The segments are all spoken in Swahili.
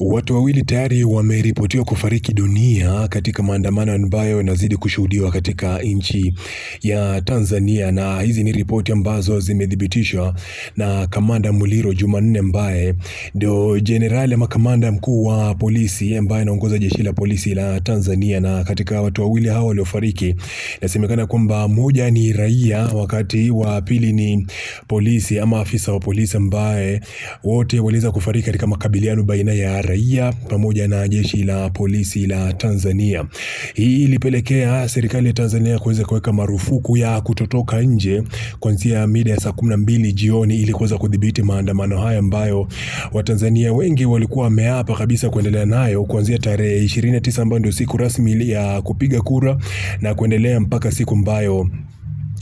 Watu wawili tayari wameripotiwa kufariki dunia katika maandamano ambayo yanazidi kushuhudiwa katika nchi ya Tanzania, na hizi ni ripoti ambazo zimethibitishwa na Kamanda Muliro Jumanne, ambaye ndio jenerali ama kamanda mkuu wa polisi ambaye anaongoza jeshi la polisi la Tanzania. Na katika watu wawili hao waliofariki, inasemekana kwamba mmoja ni raia, wakati wa pili ni polisi ama afisa wa polisi, ambaye wote waliweza kufariki katika makabiliano baina ya raia pamoja na jeshi la polisi la Tanzania. Hii ilipelekea serikali ya Tanzania kuweza kuweka marufuku ya kutotoka nje kuanzia mida ya saa kumi na mbili jioni ili kuweza kudhibiti maandamano haya ambayo Watanzania wengi walikuwa wameapa kabisa kuendelea nayo kuanzia tarehe 29 ambayo ndio siku rasmi ya kupiga kura na kuendelea mpaka siku ambayo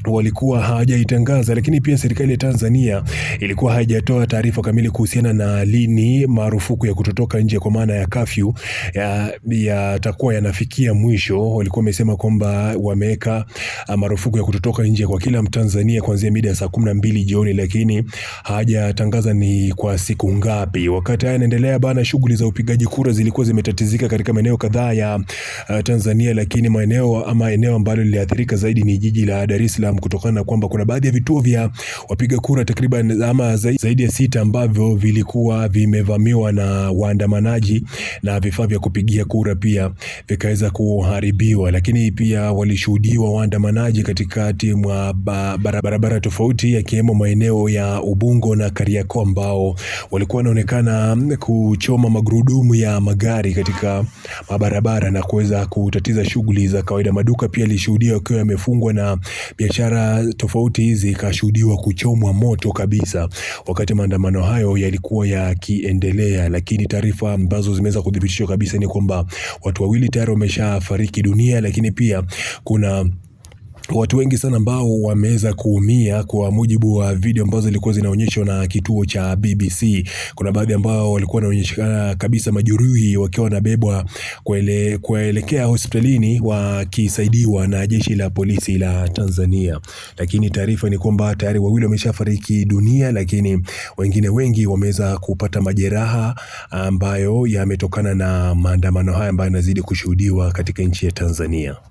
walikuwa hawajaitangaza, lakini pia serikali ya Tanzania ilikuwa haijatoa taarifa kamili kuhusiana na lini marufuku ya kutotoka nje kwa maana ya kafyu yatakuwa ya yanafikia mwisho. Walikuwa wamesema kwamba wameweka ah, marufuku ya kutotoka nje kwa kila Mtanzania kuanzia mida ya saa kumi na mbili jioni, lakini hawajatangaza ni kwa siku ngapi. Wakati haya yanaendelea bana, shughuli za upigaji kura zilikuwa zimetatizika katika maeneo kadhaa ya ah, Tanzania, lakini maeneo ama eneo ambalo liliathirika zaidi ni jiji la Dar es Salaam Instagram kutokana na kwamba kuna baadhi ya vituo vya wapiga kura takriban ama zaidi ya sita ambavyo vilikuwa vimevamiwa na waandamanaji na vifaa vya kupigia kura pia vikaweza kuharibiwa, lakini pia walishuhudiwa waandamanaji katikati mwa barabara tofauti yakiwemo maeneo ya Ubungo na Kariakoo ambao walikuwa wanaonekana kuchoma magurudumu ya magari katika mabarabara na kuweza kutatiza shughuli za kawaida. Maduka pia yalishuhudia yakiwa yamefungwa na biashara biashara tofauti hizi ikashuhudiwa kuchomwa moto kabisa wakati maandamano hayo yalikuwa yakiendelea, lakini taarifa ambazo zimeweza kudhibitishwa kabisa ni kwamba watu wawili tayari wameshafariki dunia, lakini pia kuna watu wengi sana ambao wameweza kuumia kwa mujibu wa video ambazo zilikuwa zinaonyeshwa na kituo cha BBC. Kuna baadhi ambao walikuwa wanaonyeshana kabisa majeruhi wakiwa wanabebwa kuelekea hospitalini wakisaidiwa na jeshi la polisi la Tanzania, lakini taarifa ni kwamba tayari wawili wameshafariki dunia, lakini wengine wengi wameweza kupata majeraha ambayo yametokana na maandamano haya ambayo yanazidi kushuhudiwa katika nchi ya Tanzania.